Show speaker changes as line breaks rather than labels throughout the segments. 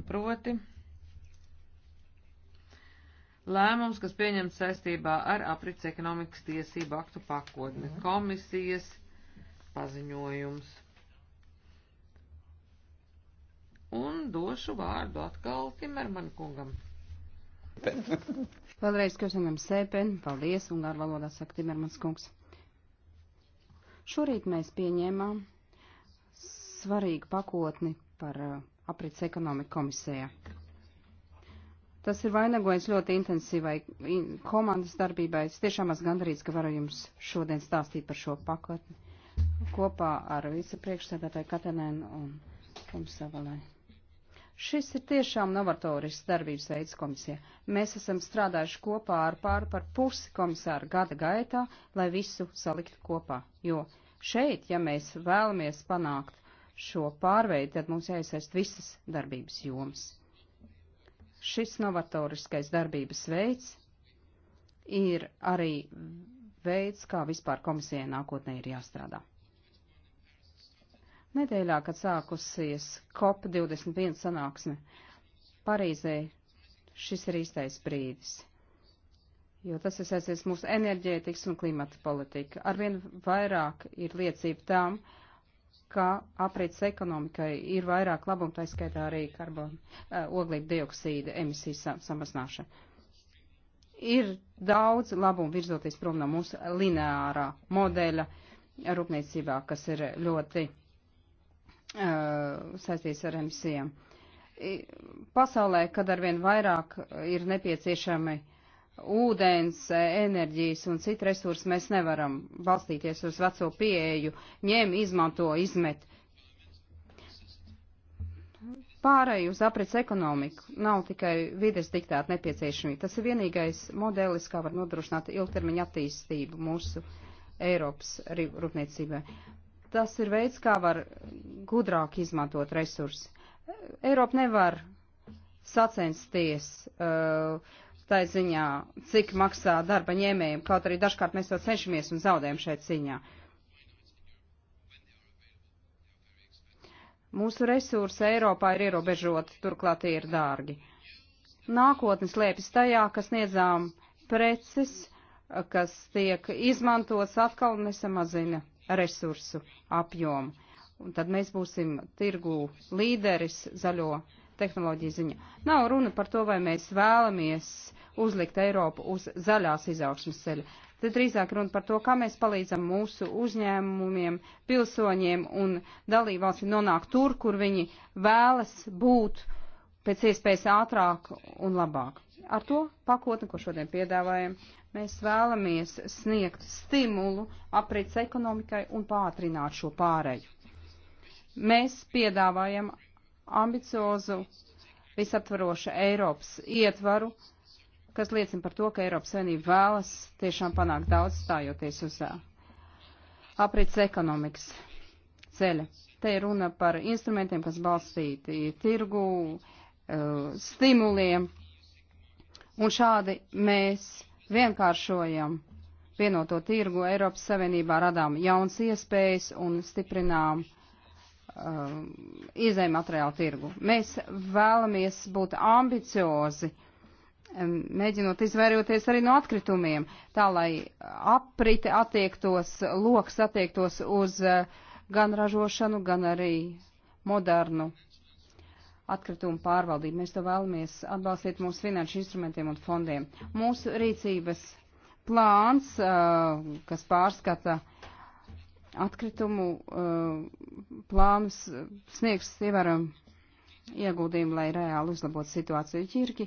un proti lēmums, kas pieņemts saistībā ar aprits ekonomikas tiesību aktu pakotni. Mhm. Komisijas paziņojums. Un došu vārdu atkal Timerman kungam.
Vēlreiz, ka zinām sēpen, paldies, un ar valodā saka Timermans kungs. Šorīt mēs pieņēmām svarīgu pakotni par uh, aprits ekonomika komisijā. Tas ir vainagojas ļoti intensīvai komandas darbībai. Es tiešām esmu gandarīts, ka varu jums šodien stāstīt par šo pakotni kopā ar vicepriekšsēdētāju Katanēnu un Kumsavalai. Šis ir tiešām novatorisks darbības veids komisija. Mēs esam strādājuši kopā ar pāri par pusi komisāru gada gaitā, lai visu saliktu kopā, jo šeit, ja mēs vēlamies panākt šo pārveidu, tad mums jāiesaist visas darbības jomas. Šis novatoriskais darbības veids ir arī veids, kā vispār komisijai nākotnē ir jāstrādā. Nedēļā, kad sākusies COP21 sanāksme Parīzē, šis ir īstais brīdis, jo tas iesaisties mūsu enerģētikas un klimata politika. Arvien vairāk ir liecība tām, uh, ka aprits ekonomikai ir vairāk labumu, tā skaitā arī karbon, uh, eh, oglība dioksīda emisijas sam samazināšana. Ir daudz labumu virzoties prom no mūsu lineārā modeļa rūpniecībā, kas ir ļoti uh, saistīts ar emisijām. Pasaulē, kad arvien vairāk ir nepieciešami uh, ūdens, enerģijas un citu resursu mēs nevaram balstīties uz veco pieeju, ņem, izmanto, izmet. Pārēj uz aprits ekonomiku nav tikai vides diktāta nepieciešamība. Tas ir vienīgais modelis, kā var nodrošināt ilgtermiņa attīstību mūsu Eiropas rūpniecībai. Tas ir veids, kā var gudrāk izmantot resursi. Eiropa nevar sacensties uh, tai ziņā, cik maksā darba ņēmējiem, kaut arī dažkārt mēs to cenšamies un zaudējam šeit ziņā. Mūsu resursi Eiropā ir ierobežoti, turklāt tie ir dārgi. Nākotnes liepjas tajā, kas niedzām preces, kas tiek izmantots atkal un nesamazina resursu apjomu. Un tad mēs būsim tirgu līderis zaļo tehnoloģiju ziņā. Nav runa par to, vai mēs vēlamies uzlikt Eiropu uz zaļās izaugsmas ceļa. Tad drīzāk runa par to, kā mēs palīdzam mūsu uzņēmumiem, pilsoņiem un dalībvalstīm nonākt tur, kur viņi vēlas būt pēc iespējas ātrāk un labāk. Ar to pakotni, ko šodien piedāvājam, mēs vēlamies sniegt stimulu aprits ekonomikai un pātrināt šo pāreju. Mēs piedāvājam ambiciozu, visaptvarošu Eiropas ietvaru, kas liecina par to, ka Eiropas Savienība vēlas tiešām panākt daudz stājoties uz aprits ekonomikas ceļa. Te ir runa par instrumentiem, kas balstīti tirgu, stimuliem, un šādi mēs vienkāršojam vienoto tirgu Eiropas Savienībā, radām jauns iespējas un stiprinām uh, Um, iezēju materiālu tirgu. Mēs vēlamies būt ambiciozi, um, mēģinot izvairoties arī no atkritumiem, tā lai aprite attiektos, loks attiektos uz uh, gan ražošanu, gan arī modernu atkritumu pārvaldību. Mēs to vēlamies atbalstīt mūsu finanšu instrumentiem un fondiem. Mūsu rīcības plāns, uh, kas pārskata atkritumu uh, plānus eh, sniegs ievēram ieguldījumu, lai reāli uzlabotu situāciju ķirki.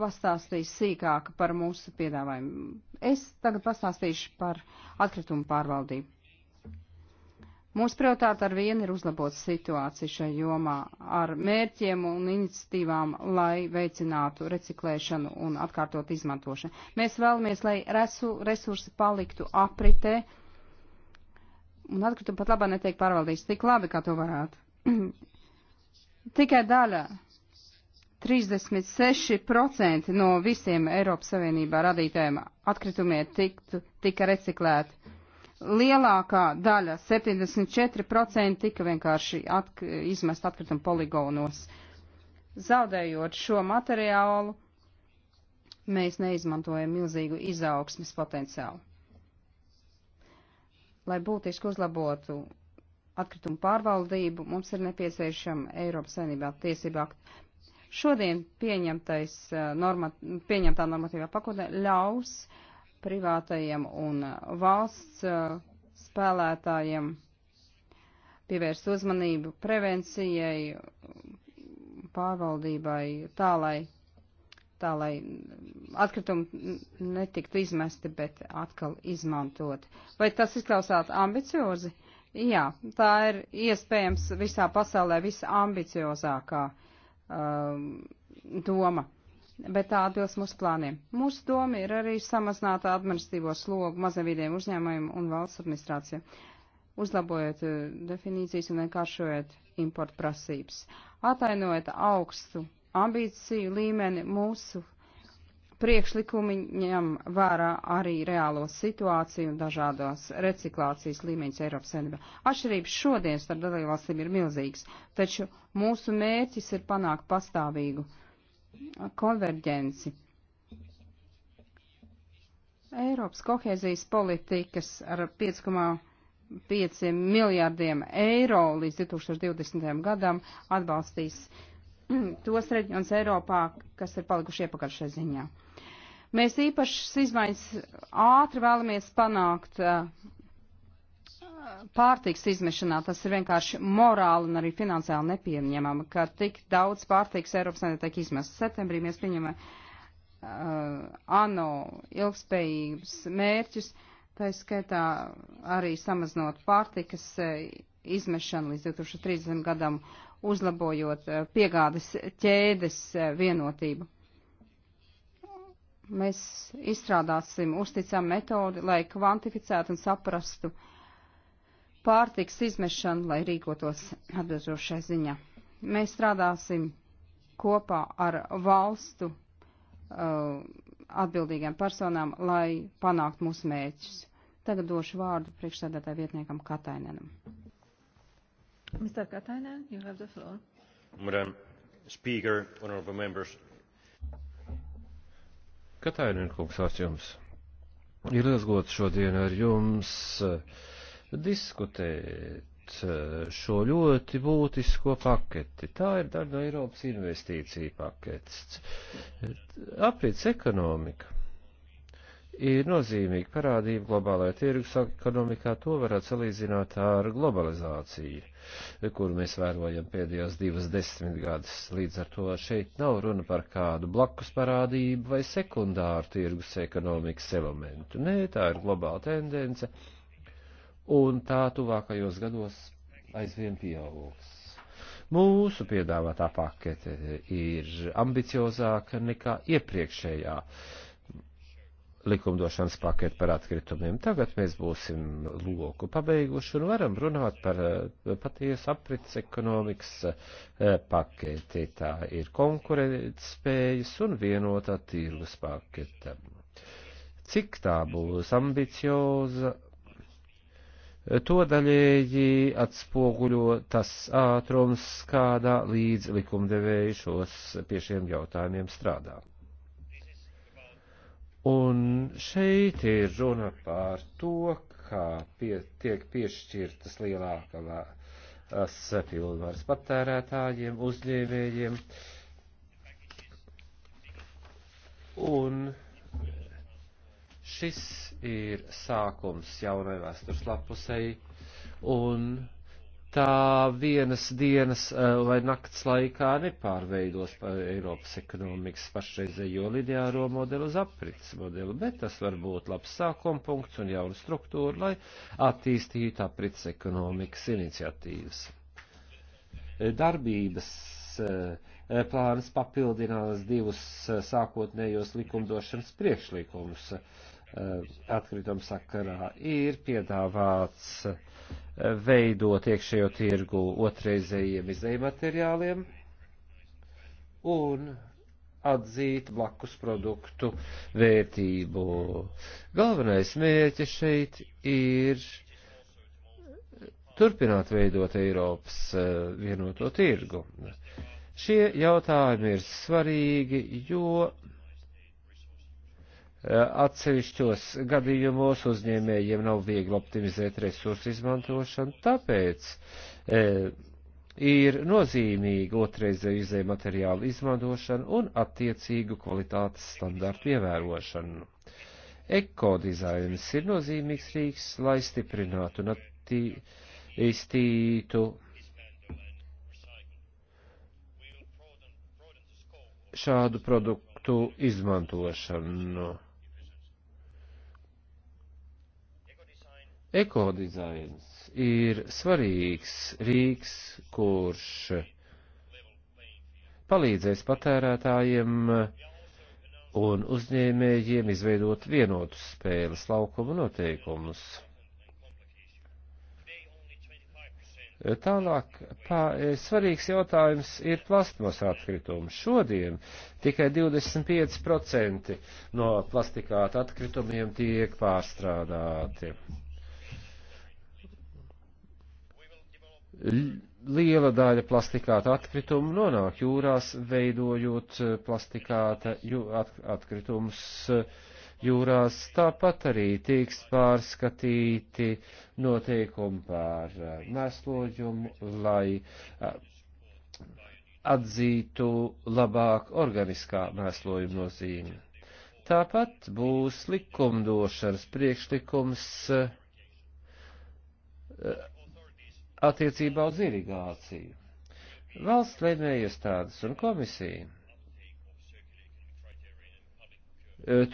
Pastāstīs sīkāk par mūsu piedāvājumu. Es tagad pastāstīšu par atkritumu pārvaldību. Mūsu prioritāte ar vienu ir uzlabot situāciju šajā jomā ar mērķiem un iniciatīvām, lai veicinātu reciklēšanu un atkārtot izmantošanu. Mēs vēlamies, lai resu, resursi paliktu apritē Un atkritumi pat labā netiek pārvaldīts tik labi, kā to varētu. Tikai daļa 36% no visiem Eiropas Savienībā radītajiem atkritumiem tiktu, tika reciklēti. Lielākā daļa, 74%, tika vienkārši atk izmest atkritumu poligonos. Zaudējot šo materiālu, mēs neizmantojam milzīgu izaugsmes potenciālu lai būtiski uzlabotu atkritumu pārvaldību, mums ir nepieciešama Eiropas saimnībā tiesība akta. Šodien pieņemtais, eh, normat, pieņemtā normatīvā pakotne ļaus privātajiem un eh, valsts eh, spēlētājiem pievērst uzmanību prevencijai, pārvaldībai, tā lai tā lai atkritumi netiktu izmesti, bet atkal izmantot. Vai tas izklausās ambiciozi? Jā, tā ir iespējams visā pasaulē visambiciozākā um, doma, bet tā atbilst mūsu plāniem. Mūsu doma ir arī samazināt administratīvo slogu mazavīdiem uzņēmumiem un valsts administrācijai, uzlabojot uh, definīcijas un vienkāršojot importu prasības, atainojot augstu ambīciju līmeni mūsu priekšlikumi ņem vērā arī reālo situāciju un dažādās reciklācijas līmeņus Eiropas Savienībā. Atšķirības šodien starp dalībvalstīm ir milzīgas, taču mūsu mērķis ir panākt pastāvīgu konverģenci. Eiropas kohēzijas politikas ar 5,5 miljārdiem eiro līdz 2020. gadam atbalstīs tos reģionus Eiropā, kas ir palikuši iepakaļ šai ziņā. Mēs īpašas izmaiņas ātri vēlamies panākt pārtiks izmešanā. Tas ir vienkārši morāli un arī finansiāli nepieņemama, ka tik daudz pārtiks Eiropas Savienībā tiek izmests. Septembrī mēs pieņemam uh, ANO ilgspējības mērķus, tā skaitā arī samazinot pārtikas uh, izmešanu līdz 2030 gadam uzlabojot eh, piegādes ķēdes eh, vienotību. Mēs izstrādāsim uzticam metodi, lai kvantificētu un saprastu pārtiks izmešanu, lai rīkotos atbilstošai ziņā. Mēs strādāsim kopā ar valstu uh, eh, atbildīgiem personām, lai panāktu mūsu mērķus. Tagad došu vārdu priekšsēdētāju vietniekam Katainenam.
Mr. Katainen, you have the floor.
Madam Speaker, honorable members. Katainen, kungs, vārds jums. Ir liels gods šodien ar jums eh, diskutēt eh, šo ļoti būtisko paketi. Tā ir daļa no Eiropas investīcija paketes. Aprits ekonomika ir nozīmīga parādība globālajā tirgus ekonomikā, to varētu salīdzināt ar globalizāciju, kuru mēs vērojam pēdējās divas desmitgades. Līdz ar to šeit nav runa par kādu blakus parādību vai sekundāru tirgus ekonomikas elementu. Nē, tā ir globāla tendence, un tā tuvākajos gados aizvien pieaugs. Mūsu piedāvātā pakete ir ambiciozāka nekā iepriekšējā. Uh, likumdošanas paketi par atkritumiem. Tagad mēs būsim loku pabeiguši un varam runāt par eh, patiesu aprits ekonomikas eh, paketi. Tā ir konkurētspējas un vienotā tirgus paketa. Cik tā būs ambicioza? To daļēji atspoguļo tas ātrums, kādā līdz likumdevējušos pie šiem jautājumiem strādā. Un šeit ir runa par to, kā pie, tiek piešķirtas lielākās pilnvaras patērētājiem, uzņēmējiem. Un šis ir sākums jaunai vēstures lapusei, un tā vienas dienas eh, vai nakts laikā nepārveidos Eiropas ekonomikas pašreizējo lineāro modelu uz aprits modeli, bet tas var būt labs sākuma punkts un jauna struktūra, lai attīstītu aprits ekonomikas iniciatīvas. Eh, darbības eh, plāns papildinās divus sākotnējos likumdošanas priekšlikumus atkrituma sakarā. Ir piedāvāts uh, veidot iekšējo tirgu otrreizējiem izējumateriāliem un atzīt blakus produktu vērtību. Galvenais mērķis šeit ir turpināt veidot Eiropas eh, vienoto tirgu. Šie jautājumi ir svarīgi, jo Eh, atsevišķos gadījumos uzņēmējiem nav viegli optimizēt resursu izmantošanu, tāpēc e, ir nozīmīga otrreizēju izēju materiālu izmantošana un attiecīgu kvalitātes standartu ievērošanu. Ekodizains ir nozīmīgs rīks, lai stiprinātu un attīstītu šādu produktu izmantošanu. Ekodizains ir svarīgs rīks, kurš palīdzēs patērētājiem un uzņēmējiem izveidot vienotus spēles laukuma noteikumus. Tālāk pā, svarīgs jautājums ir plastmas atkritumi. Šodien tikai 25% no plastikāta atkritumiem tiek pārstrādāti. liela daļa plastikāta atkritumu nonāk jūrās, veidojot eh, plastikāta jū, at, atkritumus eh, jūrās. Tāpat arī tiks pārskatīti noteikumi pār eh, mēsloģumu, lai atzītu labāk organiskā mēslojuma nozīmi. Tāpat būs likumdošanas priekšlikums attiecībā uz irigāciju. Valsts lēmējiestādes un komisija e,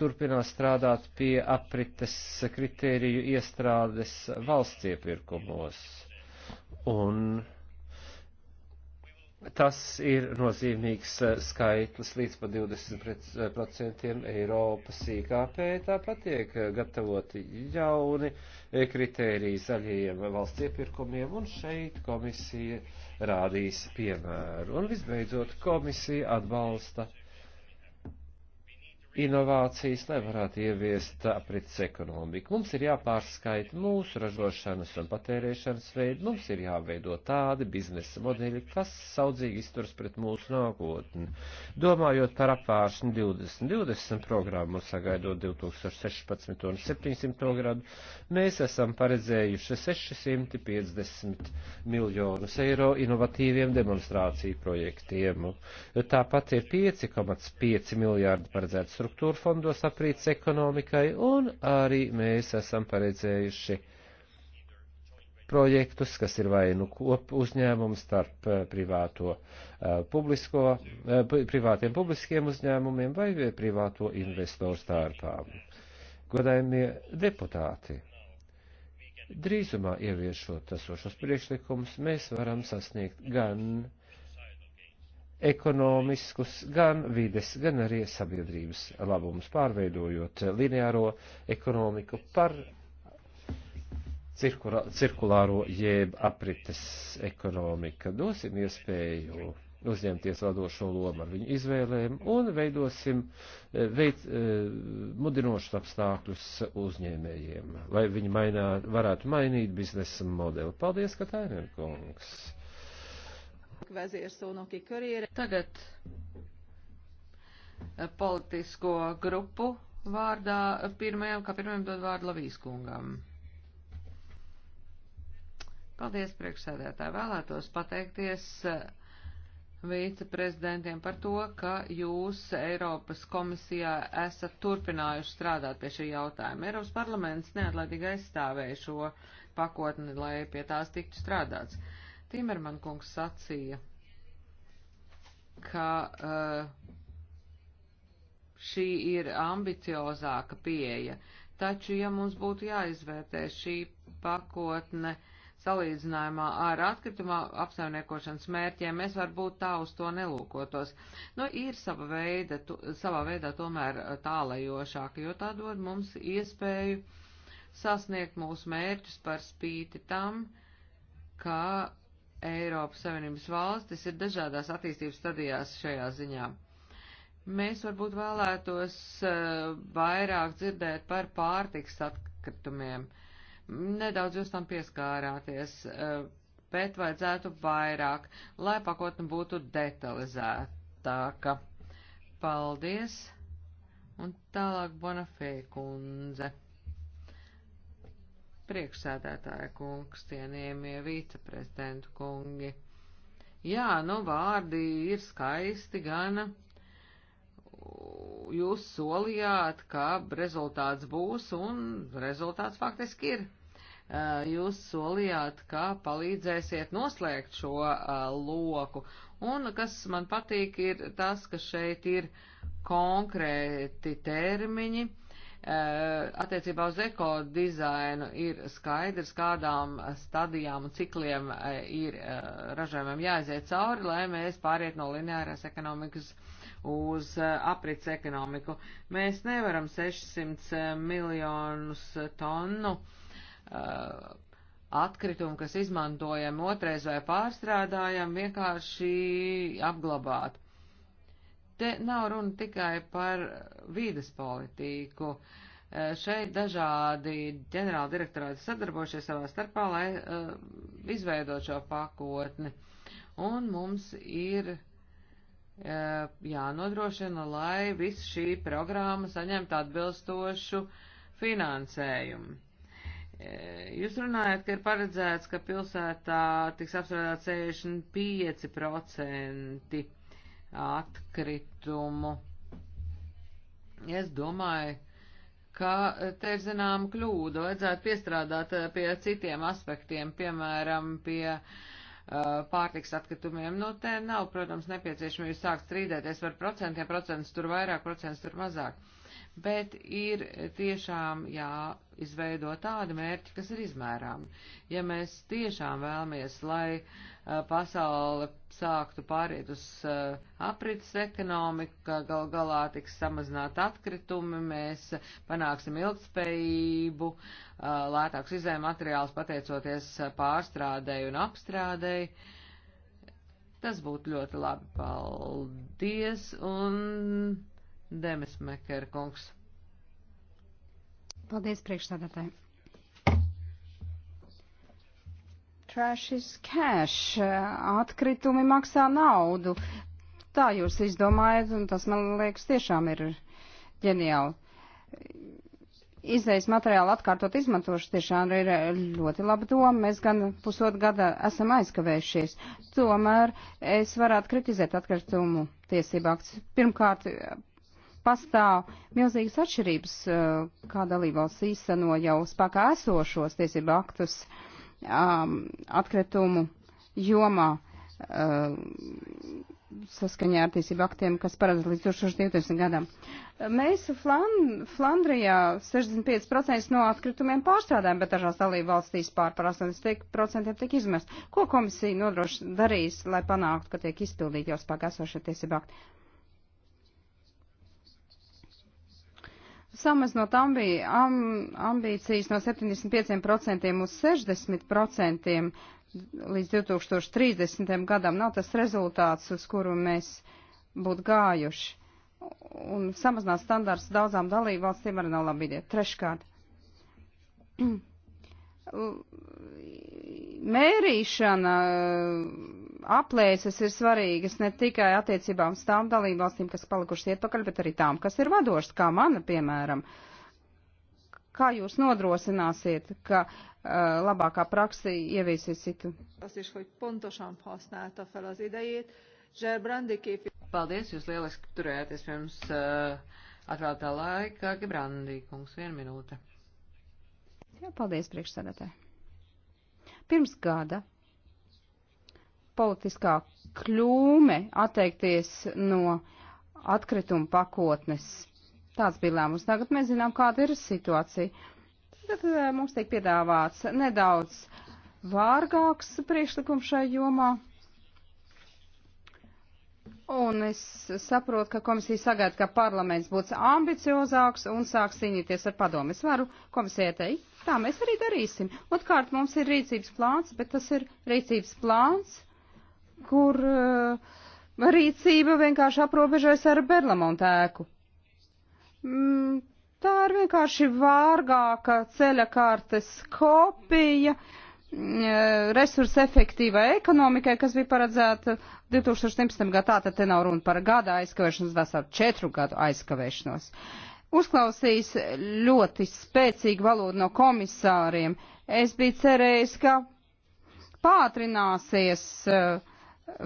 turpinās strādāt pie aprites kritēriju iestrādes valsts iepirkumos. Un Tas ir nozīmīgs eh, skaitlis līdz pa 20% eh, Eiropas IKP. Tāpat tiek eh, gatavoti jauni kritēriji zaļajiem valsts iepirkumiem, un šeit komisija rādīs piemēru. Un visbeidzot, komisija atbalsta inovācijas, lai varētu ieviest aprits ekonomiku. Mums ir jāpārskaita mūsu ražošanas un patērēšanas veidu, mums ir jāveido tādi biznesa modeļi, kas saudzīgi izturs pret mūsu nākotni. Domājot par apvāršanu 2020 programmu, sagaidot 2016 un 700 gradu, mēs esam paredzējuši 650 miljonus eiro inovatīviem demonstrāciju projektiem. Tāpat ir 5,5 miljārdi paredzēts struktūra fondos aprīts ekonomikai, un arī mēs esam paredzējuši projektus, kas ir vai nu kop uzņēmumu starp eh, privāto, eh, publisko, eh, privātiem publiskiem uzņēmumiem vai privāto investoru starpām. Godājumie deputāti, drīzumā ieviešot esošos priekšlikumus, mēs varam sasniegt gan ekonomiskus, gan vides, gan arī sabiedrības labumus, pārveidojot lineāro ekonomiku par cirkula, cirkulāro jeb aprites ekonomika. Dosim iespēju uzņemties vadošo lomu ar viņu izvēlēm un veidosim veid, e, mudinošus apstākļus uzņēmējiem, lai viņi mainā, varētu mainīt biznesa modeli. Paldies, Katainen kungs!
vezérszónoki körére. Tagad
eh, politisko grupu vārdā eh, pirmajam, kā pirmajam dod vārdu Lavijas kungam. Paldies, priekšsēdētāji. Vēlētos pateikties eh, viceprezidentiem par to, ka jūs Eiropas komisijā esat turpinājuši strādāt pie šī jautājuma. Eiropas parlaments neatlaidīgi aizstāvēja šo pakotni, lai pie tās tiktu strādāts. Timerman kungs sacīja, ka uh, šī ir ambiciozāka pieeja, taču, ja mums būtu jāizvērtē šī pakotne salīdzinājumā ar atkritumā apsaimniekošanas mērķiem, mēs varbūt tā uz to nelūkotos. Nu, ir sava veida, tu, savā veidā tomēr tālajošāka, jo tā dod mums iespēju sasniegt mūsu mērķus par spīti tam, ka Eiropas Savienības valstis ir dažādās attīstības stadijās šajā ziņā. Mēs varbūt vēlētos eh, vairāk dzirdēt par pārtiks atkritumiem. Nedaudz jūs tam pieskārāties, eh, bet vajadzētu vairāk, lai pakotne būtu detalizētāka. Paldies! Un tālāk Bonafē kundze. Priekšsēdētāja kungs, cienījamie viceprezidentu kungi. Jā, nu vārdi ir skaisti gana. Jūs solījāt, ka rezultāts būs, un rezultāts faktiski ir jūs solījāt, ka palīdzēsiet noslēgt šo uh, loku. Un kas man patīk, ir tas, ka šeit ir konkrēti termiņi, Eh, attiecībā uz ekodizainu ir skaidrs, kādām stadijām un cikliem eh, ir eh, ražojumam jāaiziet cauri, lai mēs pāriet no lineārās ekonomikas uz aprits ekonomiku. Mēs nevaram 600 miljonus tonu atkritumu, kas izmantojam otrais vai pārstrādājam, vienkārši apglabāt te nav runa tikai par vīdes politiku. E, šeit dažādi ģenerāli direktorāti sadarbojušies savā starpā, lai uh, izveidot šo pakotni. Un mums ir uh, jānodrošina, lai viss šī programma saņemtu atbilstošu finansējumu. Jūs runājat, ka ir paredzēts, ka pilsētā tiks apstrādāt 65% atkritumu. Es domāju, ka te ir zinām kļūda, vajadzētu piestrādāt eh, pie citiem aspektiem, piemēram, pie eh, pārtiks atkritumiem. Nu, te nav, protams, nepieciešamība sākt strīdēties par procentiem, procents tur vairāk, procents tur mazāk. Bet ir tiešām jā, izveido tādu mērķi, kas ir izmērāmi. Ja mēs tiešām vēlamies, lai uh, pasaule sāktu pāriet uz uh, aprits ekonomiku, ka gal galā tiks samazināt atkritumi, mēs panāksim ilgspējību, uh, lētāks izējuma materiāls pateicoties pārstrādēju un apstrādēju. Tas būtu ļoti labi. Paldies un Demes Meker kungs.
Paldies priekšstādātāji. Trash is cash. Atkritumi maksā naudu. Tā jūs izdomājat, un tas man liekas tiešām ir ģeniāli. Izējas materiāla atkārtot izmantošana tiešām ir ļoti laba doma. Mēs gan pusotru gada esam aizkavējušies. Tomēr es varētu kritizēt atkritumu tiesību aktus. Pirmkārt, pastāv milzīgas atšķirības, eh, kā dalībvalsts īsteno jau spēkā esošos tiesību aktus um, atkritumu jomā um, saskaņā ar tiesību aktiem, kas paredz līdz 2020 gadam. Mēs Flan Flandrijā 65% no atkritumiem pārstrādājam, bet dažās dalību valstīs pār par 80% tiek izmest. Ko komisija nodroši darīs, lai panāktu, ka tiek izpildīti jau spēkā esošie tiesību akti? samazinot ambi, am, ambīcijas no 75% uz 60% līdz 2030. gadam. Nav tas rezultāts, uz kuru mēs būtu gājuši. Un samazināt standārts daudzām dalībvalstīm arī nav labi ideja. Treškārt. mērīšana eh, aplēses ir svarīgas ne tikai attiecībām uz tām dalībvalstīm, kas palikušas ietpakaļ, bet arī tām, kas ir vadošas, kā mana, piemēram. Kā jūs nodrosināsiet, ka uh, labākā praksa ieviesies citu?
Paldies, jūs lieliski turējāties pirms uh, eh, atvēltā laika. Gebrandī, kungs, viena minūte. Jā, nu, paldies, priekšsēdētāji.
Pirms gada politiskā kļūme atteikties no atkrituma pakotnes. Tāds bija lēmums. Tagad mēs zinām, kāda ir situācija. Tad eh, mums tiek piedāvāts nedaudz vārgāks priekšlikums šai jomā. Un es saprotu, ka komisija sagaida, ka parlaments būs ambiciozāks un sāks cīnīties ar padomu. Es varu komisijai teikt, Tā mēs arī darīsim. Otkārt, mums ir rīcības plāns, bet tas ir rīcības plāns, kur uh, rīcība vienkārši aprobežojas ar Berlamontu ēku. Mm, tā ir vienkārši vārgāka ceļa kārtas kopija mm, resursu efektīvai ekonomikai, kas bija paredzēta 2017. gadā. Tātad te nav runa par gada aizkavēšanos, vēl ar četru gadu aizkavēšanos. Uh, uzklausījis ļoti spēcīgu valodu no komisāriem. Es biju cerējis, ka pātrināsies eh,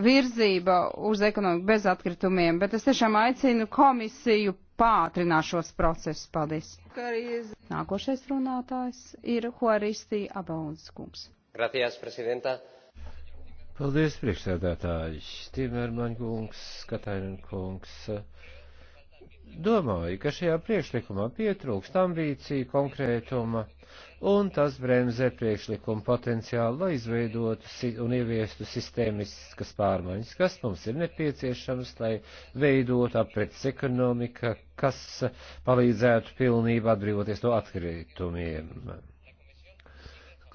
virzība uz ekonomiku bez atkritumiem, bet es tiešām aicinu komisiju pātrināt šos procesus. Paldies. Nākošais runātājs ir Huaristī Abaunas kungs. Gracias,
presidenta.
Paldies, priekšsēdētājs. Timermaņ kungs, Katainen kungs. Uh, Domāju, ka šajā priekšlikumā pietrūkst ambīcija, konkrētuma, un tas bremzē priekšlikumu potenciālu, lai izveidotu un ieviestu sistēmiskas pārmaiņas, kas mums ir nepieciešamas, lai veidotu aprits ekonomika, kas palīdzētu pilnībā atbrīvoties no atkritumiem.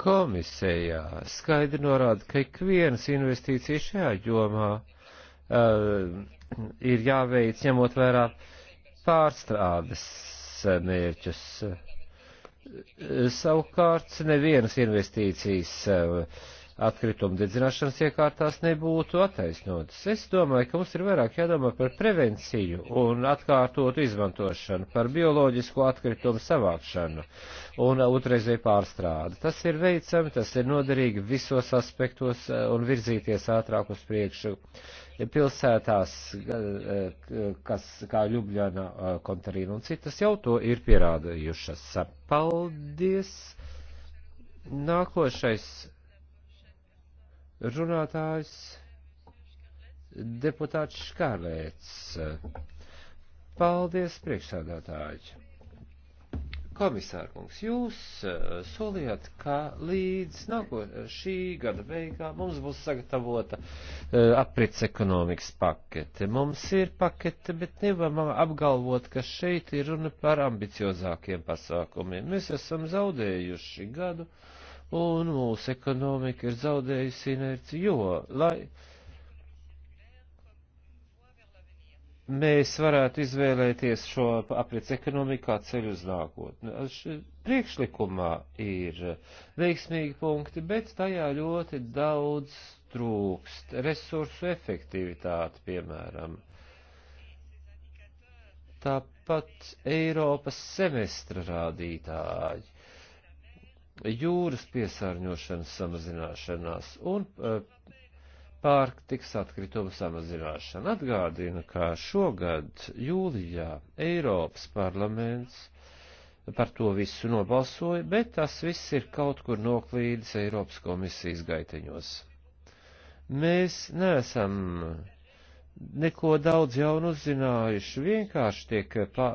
Komisējā skaidri norāda, ka ikvienas investīcijas šajā jomā uh, ir jāveic ņemot vērā uh, pārstrādes mērķus. Savukārt nevienas investīcijas eh, atkrituma dedzināšanas iekārtās nebūtu attaisnotas. Es domāju, ka mums ir vairāk jādomā par prevenciju un atkārtotu izmantošanu, par bioloģisko atkritumu savākšanu un otrreizēju pārstrādi. Tas ir veicami, tas ir noderīgi visos aspektos eh, un virzīties ātrāk uz priekšu pilsētās, e, kas kā Ljubljana, e, Kontarīna un citas jau to ir pierādījušas. Paldies! Nākošais runātājs deputāts Škarlēts. Paldies, priekšsādātāji! Komisārkungs, jūs eh, solījāt, ka līdz nāko šī gada beigām mums būs sagatavota eh, aprits ekonomikas pakete. Mums ir pakete, bet nevaram apgalvot, ka šeit ir runa par ambiciozākiem pasākumiem. Mēs esam zaudējuši gadu, un mūsu ekonomika ir zaudējusi inerci, jo, lai mēs varētu izvēlēties šo aprits ekonomiku kā ceļu uz nākotni. Priekšlikumā ir veiksmīgi punkti, bet tajā ļoti daudz trūkst resursu efektivitāti, piemēram. Tāpat Eiropas semestra rādītāji, jūras piesārņošanas samazināšanās un uh, pārtiks atkritumu samazināšana. Atgādinu, ka šogad jūlijā Eiropas parlaments par to visu nobalsoja, bet tas viss ir kaut kur noklīdis Eiropas komisijas gaiteņos. Mēs neesam neko daudz jaunu uzzinājuši, vienkārši tiek pā,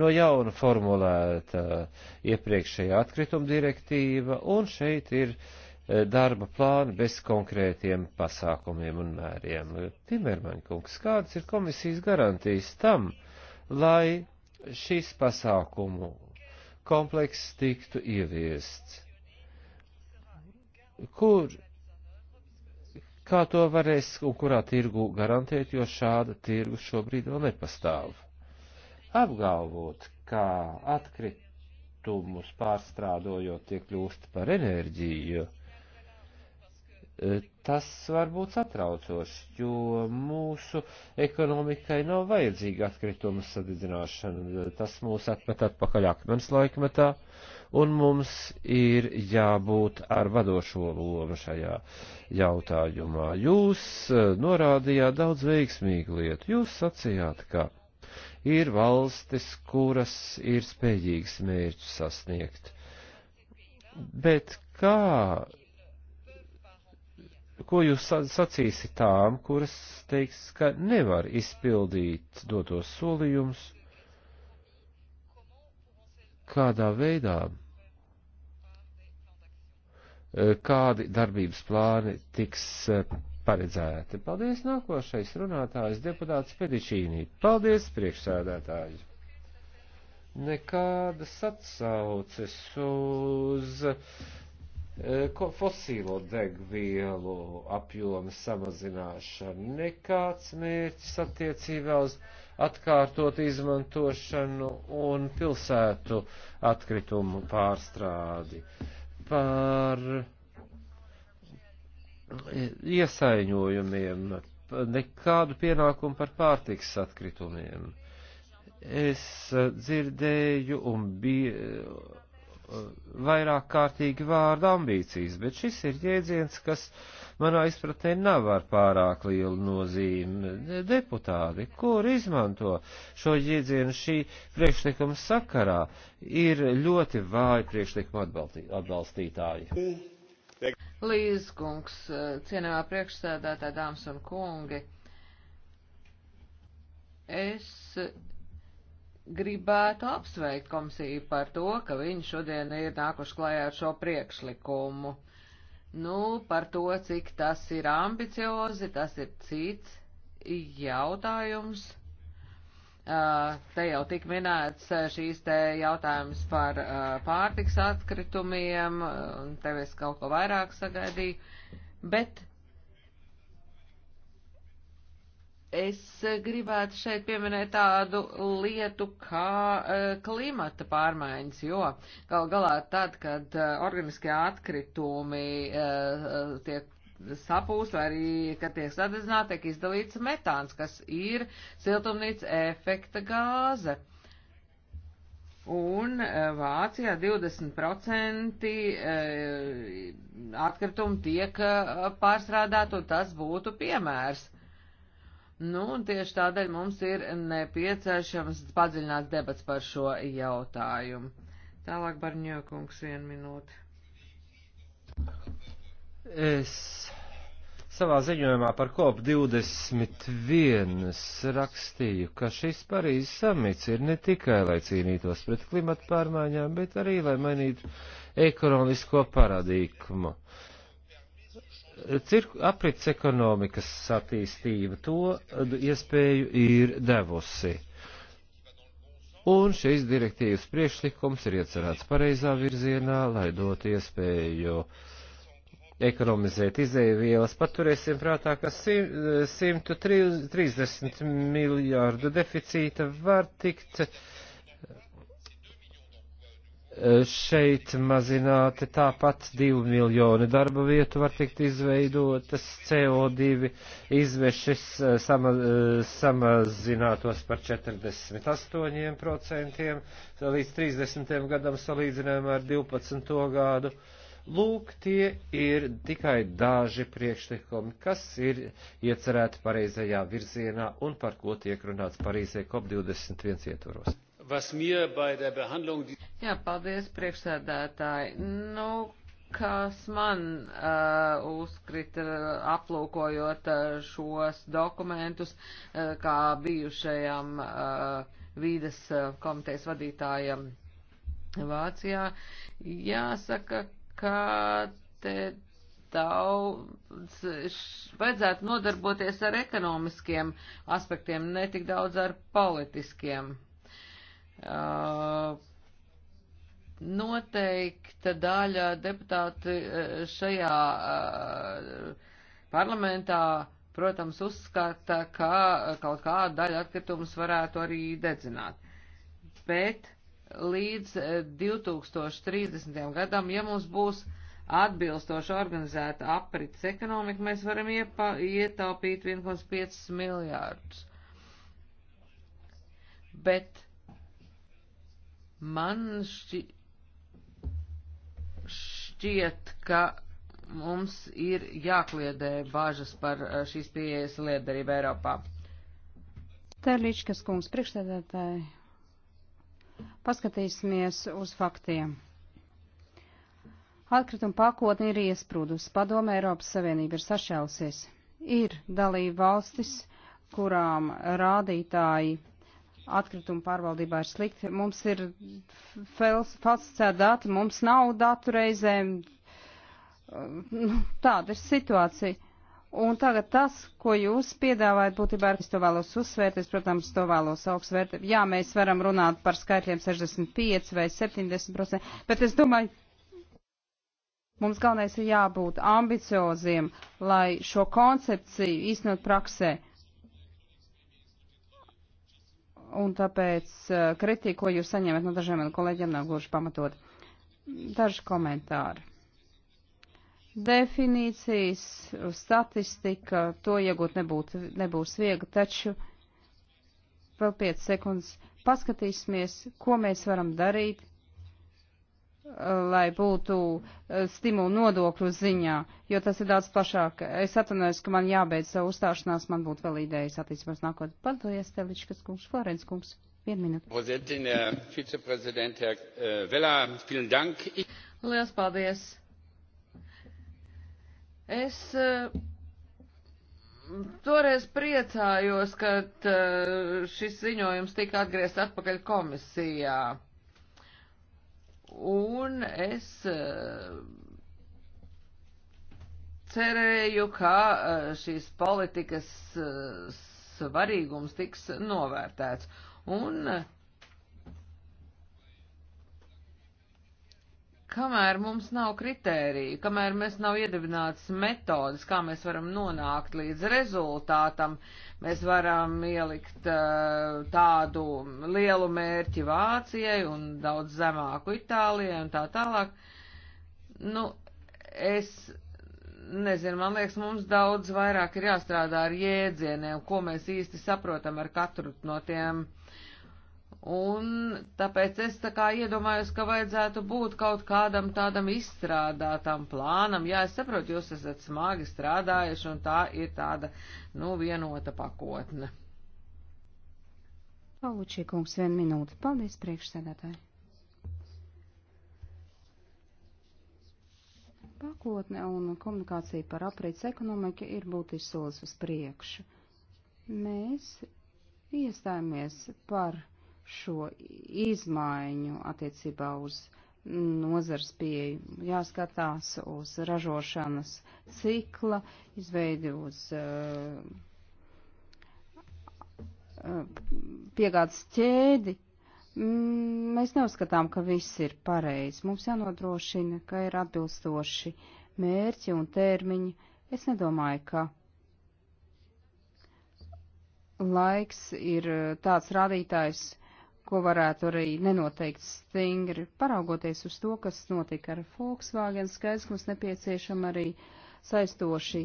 no jauna formulēta iepriekšējā atkrituma direktīva, un šeit ir uh, Eh, darba plānu bez konkrētiem pasākumiem un mēriem. Timermaņkungs, kādas ir komisijas garantijas tam, lai šis pasākumu komplekss tiktu ieviests? Kur, kā to varēs un kurā tirgu garantēt, jo šāda tirgu šobrīd vēl nepastāv? Apgalvot, kā atkritumus pārstrādojot tie kļūst par enerģiju, uh, Eh, tas var būt satraucoši, jo mūsu ekonomikai nav vajadzīga atkrituma sadedzināšana. Eh, tas mūs atmet atpakaļ akmens laikmetā, un mums ir jābūt ar vadošo lomu šajā jautājumā. Jūs eh, norādījāt daudz veiksmīgu lietu. Jūs sacījāt, ka ir valstis, kuras ir spējīgas mērķus sasniegt. Bet kā Ko jūs sacīsiet tām, kuras teiks, ka nevar izpildīt dotos solījumus? Kādā veidā? Eh, kādi darbības plāni tiks eh, paredzēti? Paldies nākošais runātājs deputāts Pedičīnī. Paldies priekšsēdētāji. Nekādas atsauces uz uh, Eh, fosīlo degvielu apjoma samazināšana, nekāds mērķis attiecībā uz atkārtot izmantošanu un pilsētu atkritumu pārstrādi. Par eh, iesaiņojumiem, nekādu pienākumu par pārtiks atkritumiem. Es eh, dzirdēju un biju vairāk kārtīgi vārdu ambīcijas, bet šis ir jēdziens, kas manā izpratnē nav ar pārāk lielu nozīmi. Deputāti, kur izmanto šo jēdzienu šī priekšlikuma sakarā, ir ļoti vāji priekšlikuma atbalstītāji.
Līdz kungs, eh, cienējā priekšsēdētā dāmas un kungi, es gribētu apsveikt komisiju par to, ka viņi šodien ir nākuši klajā ar šo priekšlikumu. Nu, par to, cik tas ir ambiciozi, tas ir cits jautājums. Te jau tik minēts šīs te jautājums par pārtiks atkritumiem, un tev es kaut ko vairāk sagaidīju, bet Es gribētu šeit pieminēt tādu lietu kā uh, klimata pārmaiņas, jo gal galā tad, kad uh, organiskie atkritumi uh, tiek sapūst vai arī, kad tiek sadedzināti, tiek izdalīts metāns, kas ir siltumnīca efekta gāze. Un Vācijā 20% atkritumu tiek pārstrādāt, un tas būtu piemērs Nu, un tieši tādēļ mums ir nepieciešams padziļināts debats par šo jautājumu. Tālāk Barņokungs vienu minūti.
Es savā ziņojumā par COP21 rakstīju, ka šis Parīzes samits ir ne tikai, lai cīnītos pret klimatu pārmaiņām, bet arī, lai mainītu ekonomisko paradigmu. Uh, Cirku aprits ekonomikas attīstība to e, iespēju ir devusi. Un šīs direktīvas priekšlikums ir iecerēts pareizā virzienā, lai dot iespēju ekonomizēt izēvielas. Paturēsim prātā, ka 130 e, miljārdu deficīta var tikt uh, šeit mazināti tāpat 2 miljoni darba vietu var tikt izveidotas, CO2 izvešas eh, sama, eh, samazinātos par 48% līdz 30. gadam salīdzinājumā ar 12. gadu. Lūk, tie ir tikai daži priekšlikumi, kas ir iecerēti pareizajā virzienā un par ko tiek runāts Parīzē COP21 ietvaros was mir bei der Behandlung.
Jā, paldies, priekšsēdētāji. Nu, kas man uh, uzkrita aplūkojot uh, šos dokumentus, uh, kā bijušajam uh, vīdes uh, komitejas vadītājam Vācijā, jāsaka, ka te daudz vajadzētu nodarboties ar ekonomiskiem aspektiem, ne tik daudz ar politiskiem. Uh, noteikta daļa deputāti uh, šajā uh, parlamentā, protams, uzskata, ka kaut kāda daļa atkritumus varētu arī dedzināt. Bet līdz 2030. gadam, ja mums būs atbilstoši organizēta aprits ekonomika, mēs varam iepa, ietaupīt 1,5 miljārdus. Bet Man šķi, šķiet, ka mums ir jākliedē bāžas par eh, šīs pieejas liederību Eiropā.
Terličkas kungs priekšstādātāji, paskatīsimies uz faktiem. Atkrituma pakotne ir iesprūdus, padome Eiropas Savienība ir sašēlusies. Ir dalība valstis, kurām rādītāji atkritumu pārvaldībā ir slikti. Mums ir falsificēti dati, mums nav datu reizēm. Nu, tāda ir situācija. Un tagad tas, ko jūs piedāvājat, būtībā es to vēlos uzsvērt, es, protams, to vēlos augstsvērt. Jā, mēs varam runāt par skaitļiem 65 vai 70%, bet es domāju, mums galvenais ir jābūt ambicioziem, lai šo koncepciju īstenot praksē un tāpēc eh, kritika, ko jūs saņemat no dažiem maniem kolēģiem, nav gluži pamatot. Daži komentāri. Definīcijas, statistika, to iegūt nebūt, nebūs viegli, taču vēl 5 sekundes paskatīsimies, ko mēs varam darīt, lai būtu eh, stimulu nodokļu ziņā, jo tas ir daudz plašāk. Es atvainojos, ka man jābeidz savu uzstāšanās, man būtu vēl idejas attiecībās nākotnē. Paldies, Teličkas kungs, Florens kungs.
Präsidentin, Herr Vizepräsident, Herr eh, Vella, vielen Dank.
Lielas paldies. Es eh, toreiz priecājos, kad šis ziņojums tika atgriezt atpakaļ komisijā Un es eh, cerēju, ka eh, šīs politikas eh, svarīgums tiks novērtēts. Un uh, Kamēr mums nav kritērija, kamēr mēs nav iedibināts metodas, kā mēs varam nonākt līdz rezultātam, mēs varam ielikt uh, tādu lielu mērķi Vācijai un daudz zemāku Itālijai un tā tālāk. Nu, es nezinu, man liekas, mums daudz vairāk ir jāstrādā ar jēdzieniem, ko mēs īsti saprotam ar katru no tiem Un tāpēc es tā kā iedomājos, ka vajadzētu būt kaut kādam tādam izstrādātam plānam. Jā, es saprotu, jūs esat smagi strādājuši un tā ir tāda, nu, vienota pakotne.
Palučī kungs, vienu minūti. Paldies, priekšsēdētāji. Pakotne un komunikācija par aprīts ekonomiku ir būtisks solis uz priekšu. Mēs iestājāmies par šo izmaiņu attiecībā uz nozars pieeju. Jāskatās uz ražošanas cikla, izveidi uz uh, uh piegādes ķēdi. Mm, mēs neuzskatām, ka viss ir pareizi. Mums jānodrošina, ka ir atbilstoši mērķi un termiņi. Es nedomāju, ka laiks ir uh, tāds rādītājs, ko varētu arī nenoteikt stingri. Paraugoties uz to, kas notika ar Volkswagen, skaidrs, ka mums nepieciešama arī saistoši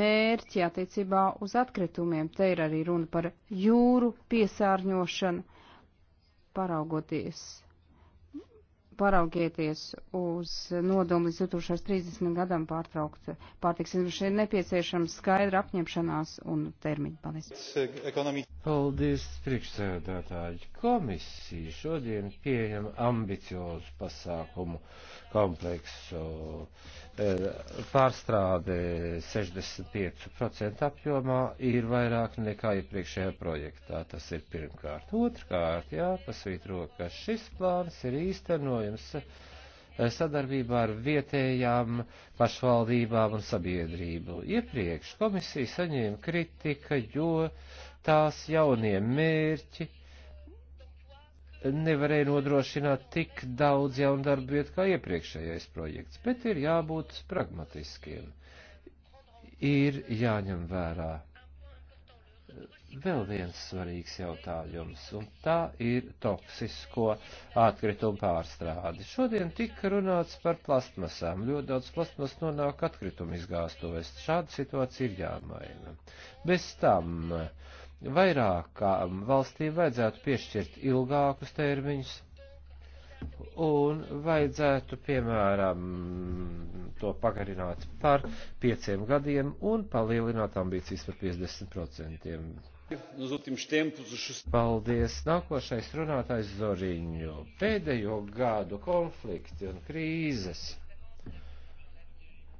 mērķi attiecībā uz atkritumiem. Te ir arī runa par jūru piesārņošanu. Paraugoties paraugieties uz nodomu līdz 2030. gadam pārtraukt pārtiks izmešu. Ir nepieciešama skaidra apņemšanās un termiņa. Paldies.
Paldies, priekšsēdētāji. Komisija šodien pieņem ambiciozu pasākumu kompleksu Eh, pārstrāde 65% apjomā ir vairāk nekā iepriekšējā projektā. Tas ir pirmkārt. Otrkārt, jāpasvītro, ka šis plāns ir īstenojams eh, sadarbībā ar vietējām pašvaldībām un sabiedrību. Iepriekš komisija saņēma kritika, jo tās jaunie mērķi nevarēja nodrošināt tik daudz jaunu darbu vietu kā iepriekšējais projekts, bet ir jābūt pragmatiskiem. Ir jāņem vērā vēl viens svarīgs jautājums, un tā ir toksisko atkritumu pārstrādi. Šodien tika runāts par plastmasām. Ļoti daudz plastmas nonāk atkritumu izgāstuvēs. Šāda situācija ir jāmaina. Bez tam uh, vairākām valstīm vajadzētu piešķirt ilgākus termiņus un vajadzētu, piemēram, to pagarināt par pieciem gadiem un palielināt ambīcijas par 50%. Paldies! Nākošais runātājs Zoriņo. Pēdējo gadu konflikti un krīzes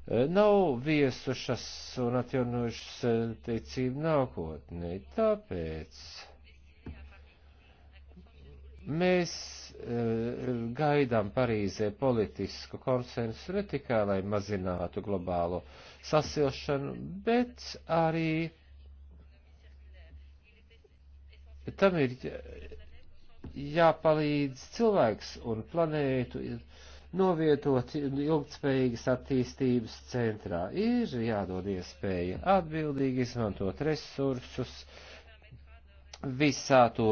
nav viesušas un atjaunojušas eh, teicību nākotnē. Tāpēc mēs eh, gaidām Parīzē politisku konsensu ne tikai, lai mazinātu globālo sasilšanu, bet arī tam ir jāpalīdz cilvēks un planētu novietot ilgtspējīgas attīstības centrā. Ir jādod iespēja atbildīgi izmantot resursus visā to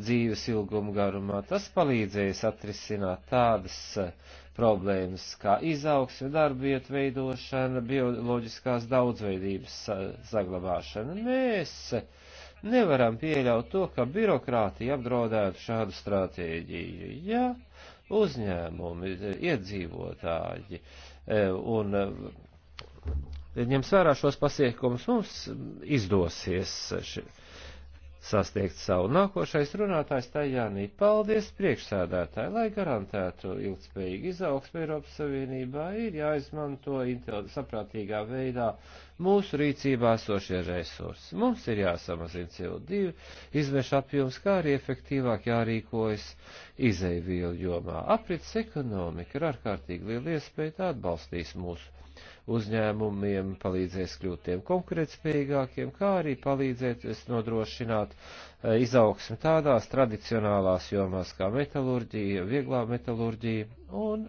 dzīves ilguma garumā. Tas palīdzēs atrisināt tādas eh, problēmas kā izaugsme, darbvietu veidošana, bioloģiskās daudzveidības eh, saglabāšana. Mēs nevaram pieļaut to, ka birokrātija apdraudētu šādu stratēģiju. Ja? uzņēmumi, iedzīvotāji e, un e, ņems vērā šos pasiekumus, mums izdosies sasniegt savu. Nākošais runātājs Tajānī. Paldies priekšsēdētāji, lai garantētu ilgspējīgu izaugsmu Eiropas Savienībā, ir jāizmanto saprātīgā veidā mūsu rīcībā esošie resursi. Mums ir jāsamazina CO2 izmešu apjoms, kā arī efektīvāk jārīkojas izeivielu jomā. Aprits ekonomika ir ārkārtīgi liela iespēja, tā atbalstīs mūsu uzņēmumiem, palīdzēs kļūt tiem konkurētspējīgākiem, kā arī palīdzēs nodrošināt e, izaugsmi tādās tradicionālās jomās kā metalurģija, vieglā metalurģija un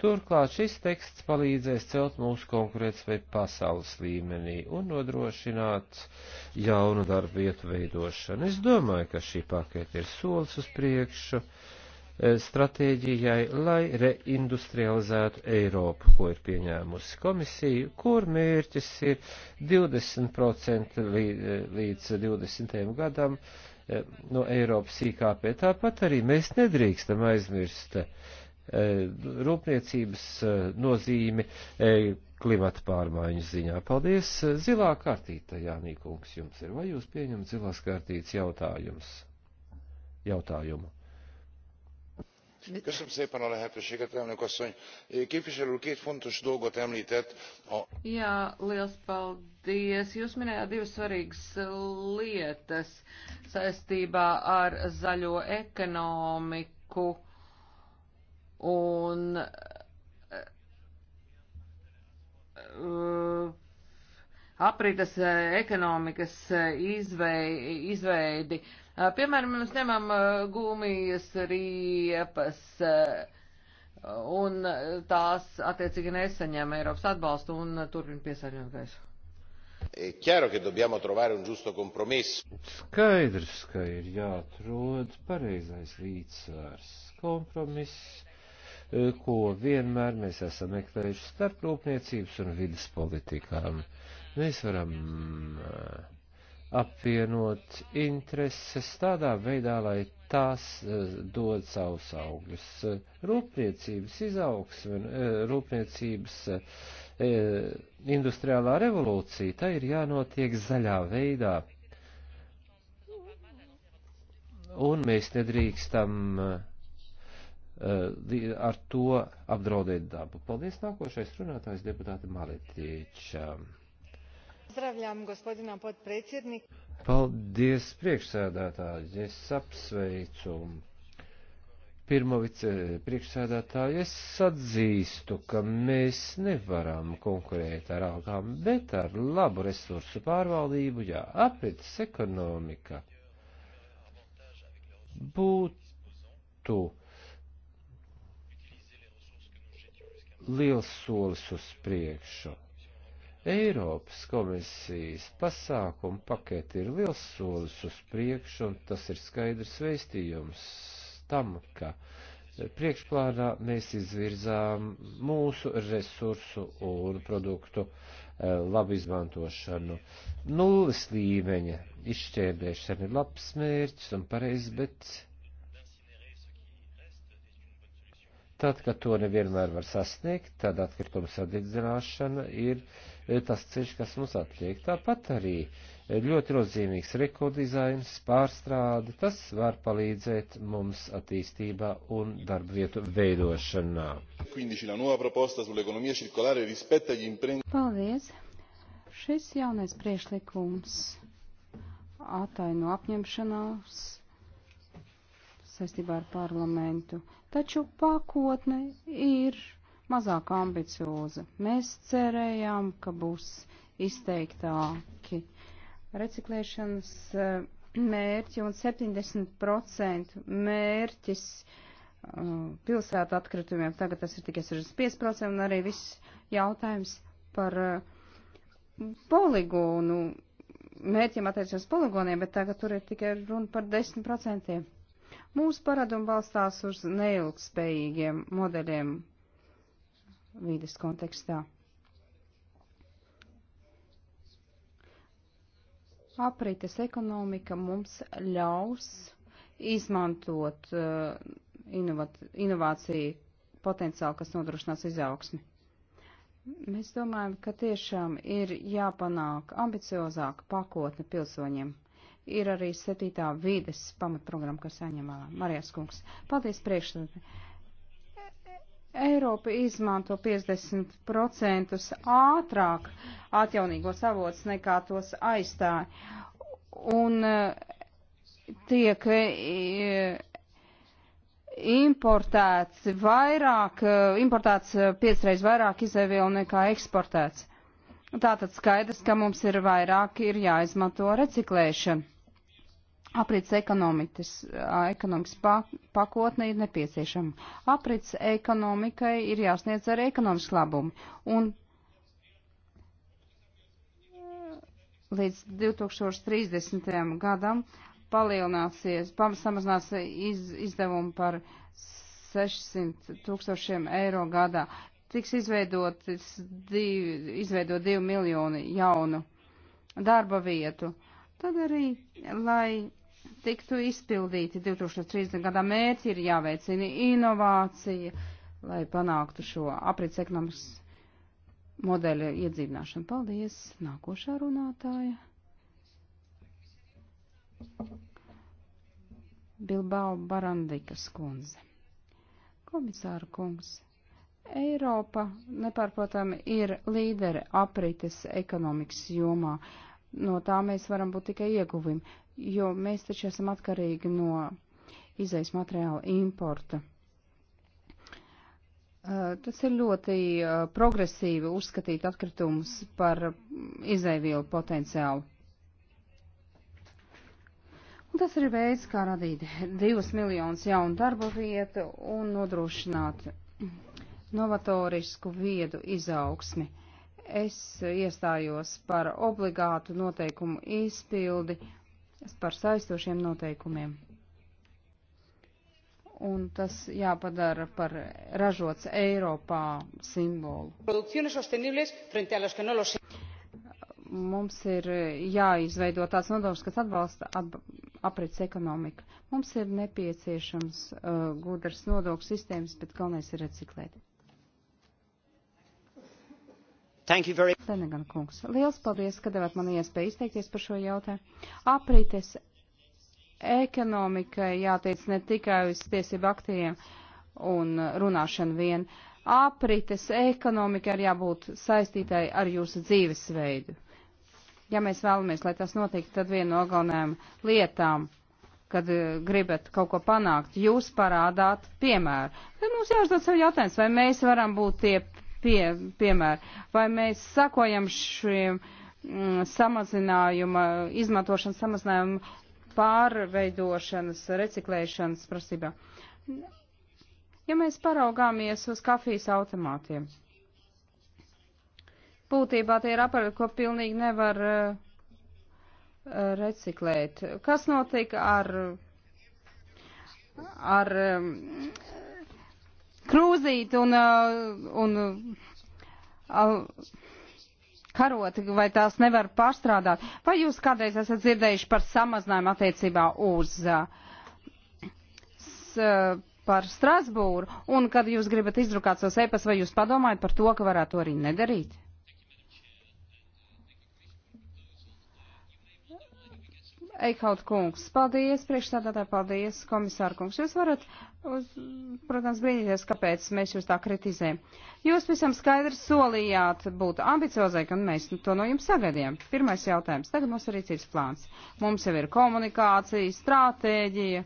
Turklāt šis teksts palīdzēs celt mūsu konkurētspēju pasaules līmenī un nodrošināt jaunu darbu vietu veidošanu. Es domāju, ka šī pakete ir solis uz priekšu. Uh, Eh, stratēģijai, lai reindustrializētu Eiropu, ko ir pieņēmusi komisija, kur mērķis ir 20% eh, līdz 20. gadam eh, no Eiropas IKP. Tāpat arī mēs nedrīkstam aizmirst rūpniecības nozīmi klimata pārmaiņu ziņā. Paldies! Zilā kārtītā, Jānīkungs, jums ir. Vai jūs pieņemat zilās kārtītas jautājums? Jautājumu köszönöm szépen a lehetőséget elnök asszony képviselő úr két fontos dolgot
emltett a.
jā liels paldies jūs minējāt divas svarīgas lietas saistībā ar zaļo ekonomiku aprites eh, ekonomikas eh, izvei, izveidi. Eh, piemēram, mēs ņemam gumijas, riepas un tās attiecīgi nesaņem Eiropas atbalstu un turpina piesārņot gaisu.
È chiaro che dobbiamo trovare un giusto compromesso. Skaidrs, ka ir jāatrod pareizais līdzsvars, kompromiss, ko vienmēr mēs esam meklējuši starp rūpniecības un vidas politikām. Uh, Mēs varam eh, apvienot intereses tādā veidā, lai tās eh, dod savus augļus. Rūpniecības izaugsme, eh, rūpniecības industriālā revolūcija, tā ir jānotiek zaļā veidā. Un mēs nedrīkstam ar to apdraudēt dabu. Paldies nākošais runātājs deputāte Maletieča.
Pozdravljam gospodina potpredsjednika.
Paldies, priekšsēdētāji. Es apsveicu pirmo vicepriekšsēdētāju. Es atzīstu, ka mēs nevaram konkurēt ar algām, bet ar labu resursu pārvaldību, jā, aprits ekonomika būtu liels solis uz priekšu. Eiropas komisijas pasākumu paketi ir liels solis uz priekšu, un tas ir skaidrs veistījums tam, ka priekšplānā mēs izvirzām mūsu resursu un produktu eh, labu izmantošanu. Nulles līmeņa izšķērdēšana ir labs mērķis un pareizs, bet tad, kad to nevienmēr var sasniegt, tad atkrituma sadedzināšana ir uh, tas ceļš, kas mums atliek. Tāpat arī ļoti nozīmīgs rekodizains, pārstrāde, tas var palīdzēt mums attīstībā un darba vietu veidošanā.
Paldies! Šis jaunais priešlikums ataino apņemšanās saistībā ar parlamentu, taču pakotne ir mazāk ambicioza. Mēs cerējām, ka būs izteiktāki reciklēšanas eh, mērķi un 70% mērķis eh, pilsētu atkritumiem. Tagad tas ir tikai 65% un arī viss jautājums par eh, poligonu mērķiem attiecībā uz poligoniem, bet tagad tur ir tikai runa par 10%. Mūsu paradumi balstās uz neilgspējīgiem modeļiem, vīdes kontekstā. Aprites ekonomika mums ļaus izmantot uh, inovat, inovāciju potenciālu, kas nodrošinās izaugsmi. Mēs domājam, ka tiešām ir jāpanāk ambiciozāka pakotne pilsoņiem. Ir arī septītā vīdes pamatprogramma, kas saņem vērā. Marijas kungs. Paldies priekšsēdētājai. Eiropa izmanto 50% ātrāk atjaunīgos avots nekā tos aizstāja. Un eh, tiek eh, importēts vairāk, eh, importēts piecreiz vairāk izēvielu nekā eksportēts. Tātad skaidrs, ka mums ir vairāk ir jāizmanto reciklēšana. Aprits ekonomikas, ekonomikas pakotne ir nepieciešama. Aprits ekonomikai ir jāsniedz arī ekonomiski labumi. Un līdz 2030. gadam palielināsies, samazinās iz, izdevumi par 600 tūkstošiem eiro gadā. Tiks izveidot div, izveidot 2 miljoni jaunu darba vietu. Tad arī, lai tiktu izpildīti 2030. gadā mērķi, ir jāveicina inovācija, lai panāktu šo aprits ekonomikas modeļa iedzīvināšanu. Paldies! Nākošā runātāja. Bilbao Barandikas kundze. Komisāra kungs. Eiropa, nepārprotami, ir līdere aprites ekonomikas jomā. No tā mēs varam būt tikai ieguvumi jo mēs taču esam atkarīgi no izējas materiāla importa. Uh, tas ir ļoti uh, progresīvi uzskatīt atkritumus par izēvielu potenciālu. Un tas ir veids, kā radīt divus miljonus jaunu darba vietu un nodrošināt novatorisku viedu izaugsmi. Es iestājos par obligātu noteikumu izpildi par saistošiem noteikumiem. Un tas jāpadara par ražots Eiropā simbolu. Mums ir jāizveido tāds nodoms, kas atbalsta ap, aprits ekonomiku. Mums ir nepieciešams uh, gudrs nodokļu sistēmas, bet galvenais ir reciklēt. Very... Denegan kungs, liels paldies, ka devāt man iespēju izteikties par šo jautājumu. Aprītes ekonomikai jātiec ne tikai uz tiesību aktiem un runāšanu vien. Aprites ekonomika ir jābūt saistītai ar jūsu dzīvesveidu. Ja mēs vēlamies, lai tas notiek, tad viena no galvenajām lietām, kad eh, gribat kaut ko panākt, jūs parādāt piemēru. Tad mums jāuzdod sev jautājums, vai mēs varam būt tie pie, piemēri. Vai mēs sakojam šiem mm, samazinājuma, izmantošanas samazinājuma pārveidošanas, reciklēšanas prasībā? Ja mēs paraugāmies uz kafijas automātiem, būtībā tie ir aparati, ko pilnīgi nevar uh, reciklēt. Kas notika ar ar um, krūzīt un, uh, un, un uh, uh, karoti, vai tās nevar pārstrādāt. Vai jūs kādreiz esat dzirdējuši par samazinājumu attiecībā uz s, par Strasbūru, un kad jūs gribat izdrukāt savus epas, vai jūs padomājat par to, ka varētu to arī nedarīt? Eikaut kungs, paldies, priekšstādātāji, paldies, komisāra kungs. Jūs varat, uz, protams, brīnīties, kāpēc mēs jūs tā kritizējam. Jūs visam skaidri solījāt būt ambiciozēki, un mēs to no jums sagaidījām. Pirmais jautājums. Tagad mums ir rīcības plāns. Mums jau ir komunikācija, stratēģija,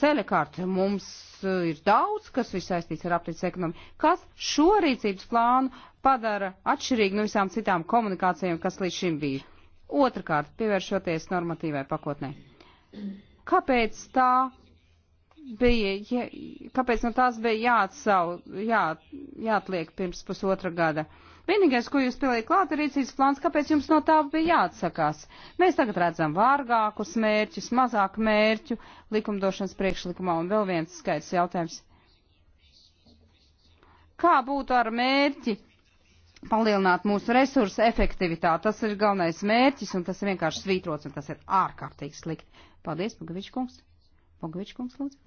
ceļakārta. Mums uh, ir daudz, kas viss saistīts ar aprits ekonomiju. Kas šo rīcības plānu padara atšķirīgu no visām citām komunikācijām, kas līdz šim bija? Otrakārt, pievēršoties normatīvai pakotnē. Kāpēc tā bija, ja, kāpēc no tās bija jāatsau, jā, jāatliek pirms pusotra gada? Vienīgais, ko jūs pieliek klāt, ir rīcības plāns, kāpēc jums no tā bija jāatsakās. Mēs tagad redzam vārgākus mērķus, mazāk mērķu likumdošanas priekšlikumā un vēl viens skaits jautājums. Kā būtu ar mērķi palielināt mūsu resursu efektivitāti. Tas ir galvenais mērķis, un tas ir vienkārši svītrots, un tas ir ārkārtīgi slikti. Paldies, Pagavičkungs. Pagavičkungs, lūdzu.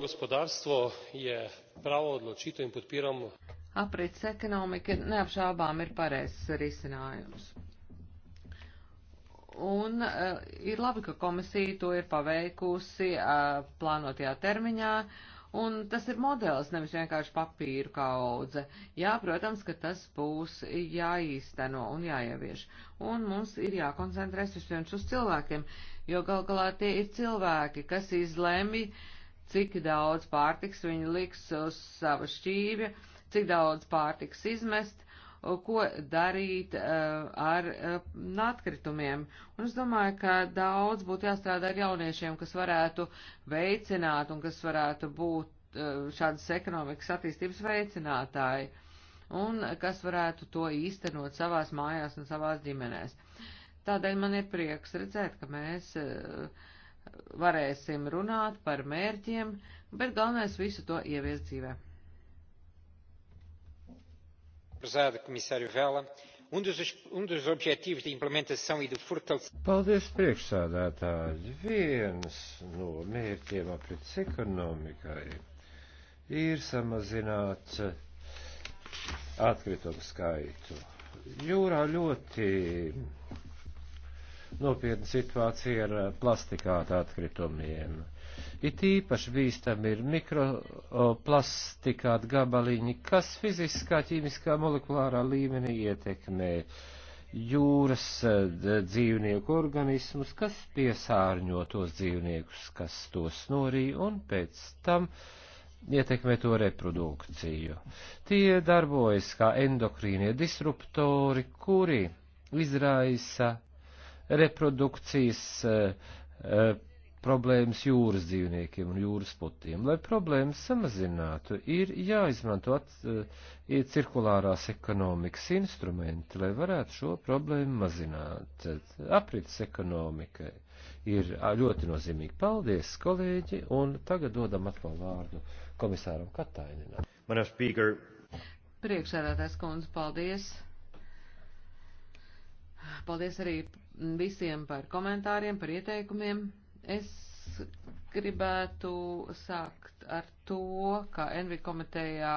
Gospodarstvo je pravo odločitev in podpiram.
Aprits ekonomika neapšābām ir pareizs risinājums. Un uh, ir labi, ka komisija to ir paveikusi uh, plānotajā termiņā. Uh, Un tas ir modelis, nevis vienkārši papīru kaudze. Jā, protams, ka tas būs jāīsteno un jāievieš. Un mums ir jākoncentrēs vispirms uz cilvēkiem, jo gal galā tie ir cilvēki, kas izlemj, cik daudz pārtiks viņi liks uz sava šķīvja, cik daudz pārtiks izmest, ko darīt eh, ar eh, atkritumiem. Un es domāju, ka daudz būtu jāstrādā ar jauniešiem, kas varētu veicināt un kas varētu būt eh, šādas ekonomikas attīstības veicinātāji un kas varētu to īstenot savās mājās un savās ģimenēs. Tādēļ man ir prieks redzēt, ka mēs varēsim runāt par mērķiem, bet galvenais visu to ievies dzīvē.
Um um e Paldies, priekšsādātāji. Viens no mērķiem aprits ekonomikai ir samazināt atkritumu skaitu. Jūrā ļoti nopietna situācija ar plastikāta atkritumiem. It īpaši bīstami ir mikroplastikāta gabaliņi, kas fiziskā, ķīmiskā, molekulārā līmenī ietekmē jūras dzīvnieku organismus, kas piesārņo tos dzīvniekus, kas tos norī, un pēc tam ietekmē to reprodukciju. Tie darbojas kā endokrīnie disruptori, kuri izraisa reprodukcijas eh, eh, problēmas jūras dzīvniekiem un jūras putiem. Lai problēmas samazinātu, ir jāizmanto at, ir eh, cirkulārās ekonomikas instrumenti, lai varētu šo problēmu mazināt. Aprits ekonomikai ir ļoti nozīmīgi. Paldies, kolēģi, un tagad dodam atkal vārdu komisāram Katainenam. Manas speaker.
Priekšsēdētājs kundze, paldies. Paldies arī visiem par komentāriem, par ieteikumiem. Es gribētu sākt ar to, ka Envi komitejā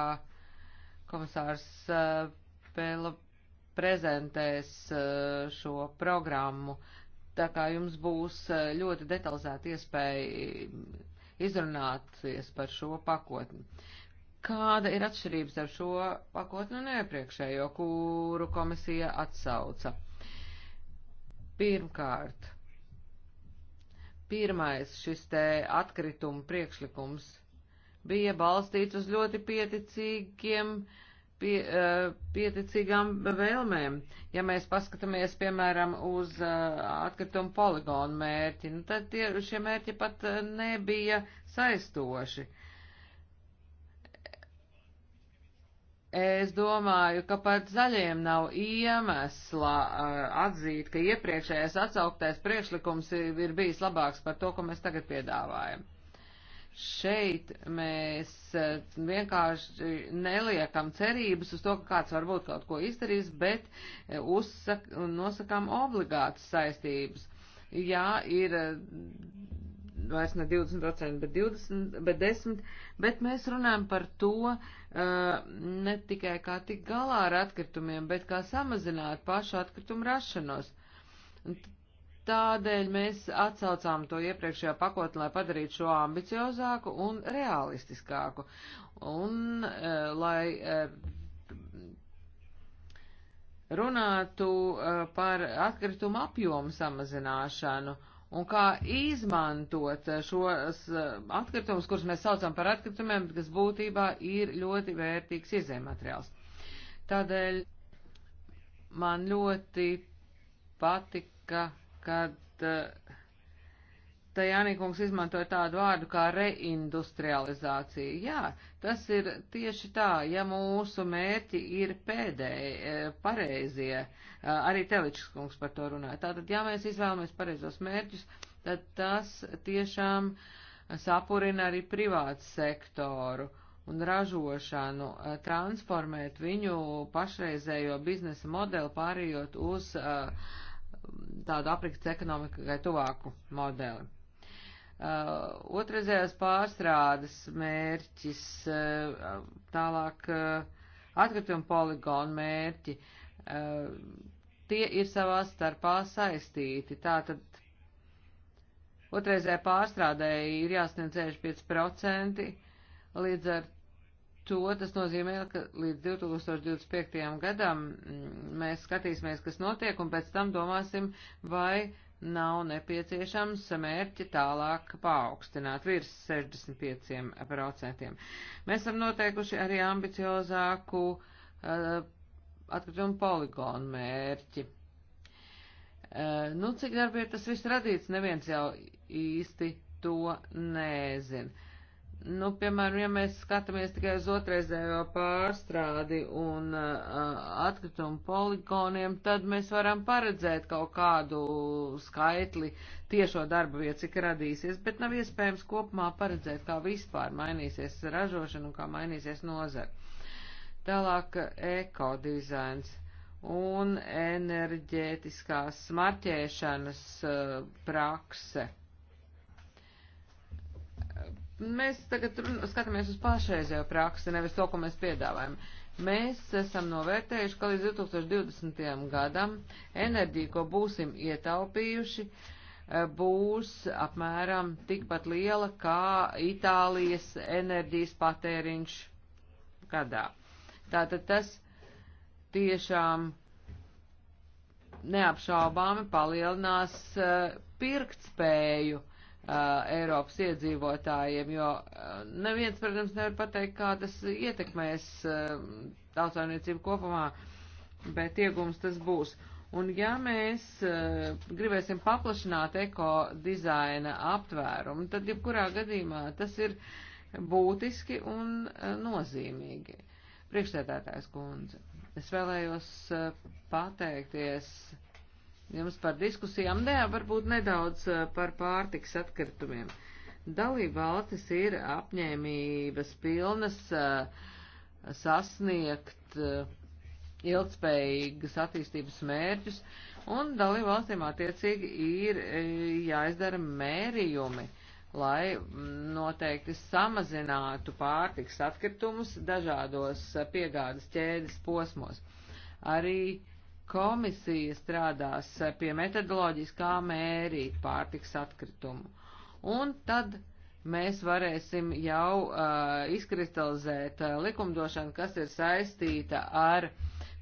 komisārs eh, Pēla prezentēs eh, šo programmu. Tā kā jums būs eh, ļoti detalizēta iespēja mm, izrunāties par šo pakotni. Kāda ir atšķirības ar šo pakotni un iepriekšējo, kuru komisija atsauca? Pirmkārt, Pirmais šis te atkrituma priekšlikums bija balstīts uz ļoti pieticīgiem, pie, eh, pieticīgām vēlmēm. Ja mēs paskatāmies, piemēram, uz eh, atkrituma poligonu mērķi, nu tad tie, šie mērķi pat eh, nebija saistoši. Uh, Es domāju, ka pat zaļiem nav iemesla eh, atzīt, ka iepriekšējais atsauktais priekšlikums ir bijis labāks par to, ko mēs tagad piedāvājam. Šeit mēs eh, vienkārši neliekam cerības uz to, ka kāds varbūt kaut ko izdarīs, bet eh, uzsak, nosakām obligātas saistības. Jā, ir vairs ne 20%, bet 20, bet 10, bet mēs runājam par to uh, ne tikai kā tik galā ar atkritumiem, bet kā samazināt pašu atkritumu rašanos. Tādēļ mēs atsaucām to iepriekšējā pakotni, lai padarītu šo ambiciozāku un realistiskāku, un uh, lai uh, runātu uh, par atkritumu apjomu samazināšanu. Uh, un kā izmantot šos eh, atkritumus, kurus mēs saucam par atkritumiem, bet kas būtībā ir ļoti vērtīgs iezējumateriāls. Tādēļ man ļoti patika, kad uh, Tajānī kungs izmantoja tādu vārdu kā reindustrializācija. Jā, tas ir tieši tā, ja mūsu mērķi ir pēdējie, pareizie, e, arī Teličs kungs par to runāja. Tātad, ja mēs izvēlamies pareizos mērķus, tad tas tiešām sapurina arī privātu sektoru un ražošanu, e, transformēt viņu pašreizējo biznesa modeli, pārējot uz uh, tādu aprikts ekonomikai tuvāku modeli. Uh, otrreizējās pārstrādes mērķis, uh, tālāk uh, atkrituma poligonu mērķi, uh, tie ir savā starpā saistīti. Tātad otrreizējā pārstrādēji ir jāsniedz 65%, līdz ar to tas nozīmē, ka līdz 2025. gadam mm, mēs skatīsimies, kas notiek, un pēc tam domāsim, vai nav nepieciešams mērķi tālāk paaugstināt virs 65%. Mēs esam noteikuši arī ambiciozāku uh, atkritumu poligonu mērķi. Uh, nu, cik darbi ir tas viss radīts, neviens jau īsti to nezina. Nu, piemēram, ja mēs skatāmies tikai uz otrreizējo pārstrādi un uh, atkritumu poligoniem, tad mēs varam paredzēt kaut kādu skaitli tiešo darba vietu, cik radīsies, bet nav iespējams kopumā paredzēt, kā vispār mainīsies ražošana un kā mainīsies nozara. Tālāk ekodizains un enerģētiskās smarķēšanas uh, prakse. Mēs tagad skatāmies uz pašreizējo praksi, nevis to, ko mēs piedāvājam. Mēs esam novērtējuši, ka līdz 2020. gadam enerģija, ko būsim ietaupījuši, e, būs apmēram tikpat liela kā Itālijas enerģijas patēriņš gadā. Tātad tas tiešām neapšaubāmi palielinās e, pirktspēju Eiropas iedzīvotājiem, jo neviens, protams, nevar pateikt, kā tas ietekmēs tautsājumniecību kopumā, bet iegums tas būs. Un ja mēs gribēsim paplašināt eko dizaina aptvērumu, tad jebkurā gadījumā tas ir būtiski un nozīmīgi. Priekšsēdētājs kundze, es vēlējos pateikties jums par diskusijām, nē, varbūt nedaudz eh, par pārtiks atkritumiem. Dalība valstis ir apņēmības pilnas eh, sasniegt eh, ilgspējīgas attīstības mērķus, un dalību valstīm attiecīgi ir jāizdara mērījumi, lai mm, noteikti samazinātu pārtiks atkritumus dažādos piegādes ķēdes posmos. Arī uh, Komisija strādās eh, pie metodoloģijas, kā mērīt pārtiks atkritumu. Un tad mēs varēsim jau uh, izkristalizēt uh, likumdošanu, kas ir saistīta ar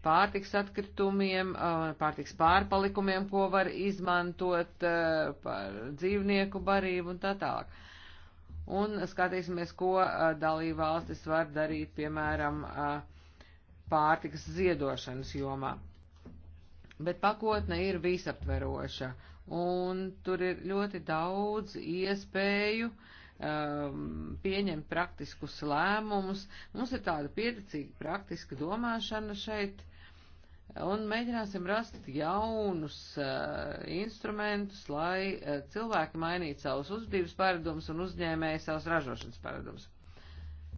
pārtiks atkritumiem, uh, pārtiks pārpalikumiem, ko var izmantot uh, par dzīvnieku barību un tā tālāk. Un skatīsimies, ko uh, dalība valstis var darīt, piemēram, uh, pārtiks ziedošanas jomā bet pakotne ir visaptveroša, un tur ir ļoti daudz iespēju um, pieņemt praktiskus lēmumus. Mums ir tāda pieredzīga praktiska domāšana šeit, un mēģināsim rast jaunus uh, instrumentus, lai uh, cilvēki mainītu savus uzbības paradumus un uzņēmēju savus ražošanas paradumus.